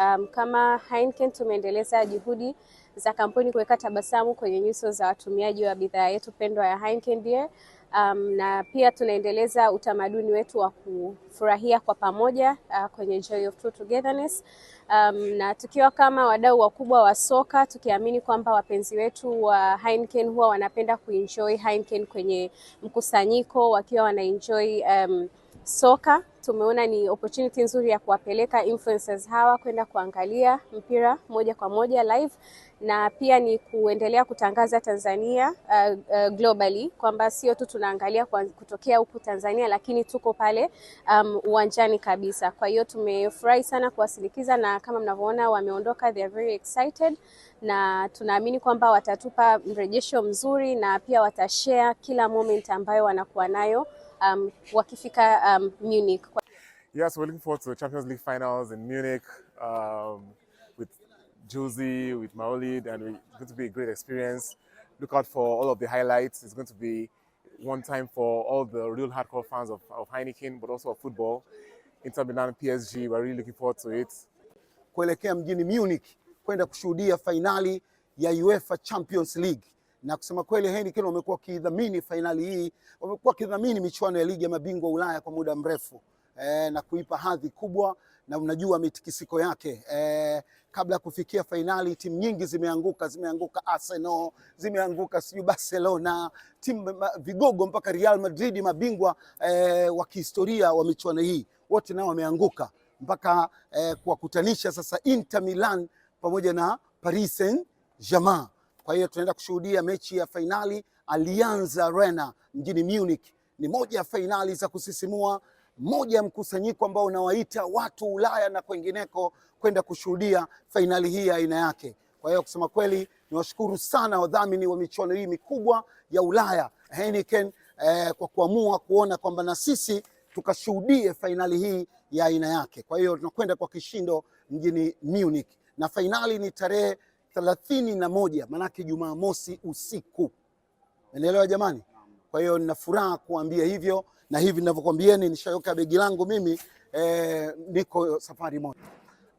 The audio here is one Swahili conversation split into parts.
Um, kama Heineken tumeendeleza juhudi za kampuni kuweka tabasamu kwenye nyuso za watumiaji wa bidhaa yetu pendwa ya Heineken Beer. Um, na pia tunaendeleza utamaduni wetu wa kufurahia kwa pamoja uh, kwenye Joy of True Togetherness. Um, na tukiwa kama wadau wakubwa wa soka tukiamini kwamba wapenzi wetu wa Heineken huwa wanapenda kuenjoy Heineken kwenye mkusanyiko wakiwa wanaenjoy um, soka tumeona ni opportunity nzuri ya kuwapeleka influencers hawa kwenda kuangalia mpira moja kwa moja live, na pia ni kuendelea kutangaza Tanzania uh, uh, globally kwamba sio tu tunaangalia kwa kutokea huku Tanzania, lakini tuko pale um, uwanjani kabisa. Kwa hiyo tumefurahi sana kuwasindikiza, na kama mnavyoona wameondoka, they are very excited, na tunaamini kwamba watatupa mrejesho mzuri na pia watashare kila moment ambayo wanakuwa nayo um, wakifika um, Munich. Yes, we're looking forward to the Champions League finals in Munich um, with Josie, with Maolid, and it's going to be a great experience. Look out for all of the highlights. It's going to be one time for all the real hardcore fans of, of Heineken, but also of football. Inter Milan, PSG, we're really looking forward to it. Kuelekea mjini Munich kwenda kushuhudia fainali ya UEFA Champions League. na kusema kweli Heineken wamekuwa kidhamini fainali hii, wamekuwa kidhamini michuano ya ligi ya mabingwa Ulaya kwa muda mrefu e, na kuipa hadhi kubwa, na unajua mitikisiko yake e, kabla ya kufikia fainali timu nyingi zimeanguka, zimeanguka Arsenal, zimeanguka sijui Barcelona, timu vigogo mpaka Real Madrid mabingwa e, wa kihistoria wa michuano hii wote nao wameanguka mpaka e, kuwakutanisha sasa Inter Milan pamoja na Paris Saint-Germain. Kwa hiyo tunaenda kushuhudia mechi ya fainali Allianz Arena mjini Munich. Ni moja ya fainali za kusisimua, moja ya mkusanyiko ambao unawaita watu Ulaya na kwengineko kwenda kushuhudia fainali hii ya aina yake. Kwa hiyo kusema kweli, niwashukuru sana wadhamini wa michuano hii mikubwa ya Ulaya Heineken, eh, kwa kuamua kuona kwamba na sisi tukashuhudie fainali hii ya aina yake. Kwa hiyo tunakwenda kwa kishindo mjini Munich na fainali ni tarehe thelathini na moja jumaa Jumamosi usiku. Unaelewa jamani? Kwa hiyo nina furaha kuambia hivyo, na hivi ninavyokuambieni nishaweka begi langu mimi eh, niko safari moja.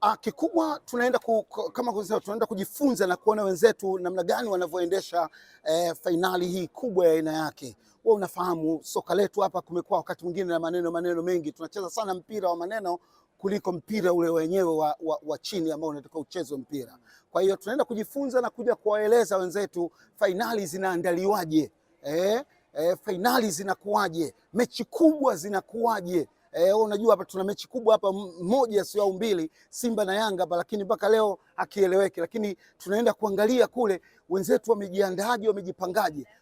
Ah, kikubwa tunaenda ku, kama kusema tunaenda kujifunza na kuona wenzetu namna gani wanavyoendesha eh, fainali hii kubwa ya aina yake. Wewe unafahamu soka letu hapa kumekuwa wakati mwingine na maneno maneno mengi. Tunacheza sana mpira wa maneno kuliko mpira ule wenyewe wa, wa, wa chini ambao unatoka uchezo mpira. Kwa hiyo tunaenda kujifunza na kuja kuwaeleza wenzetu fainali zinaandaliwaje, eh, eh, fainali zinakuwaje, mechi kubwa zinakuwaje. Eh, unajua hapa tuna mechi kubwa hapa moja sio au mbili, Simba na Yanga hapa, lakini mpaka leo hakieleweki. Lakini tunaenda kuangalia kule wenzetu wamejiandaaje, wamejipangaje.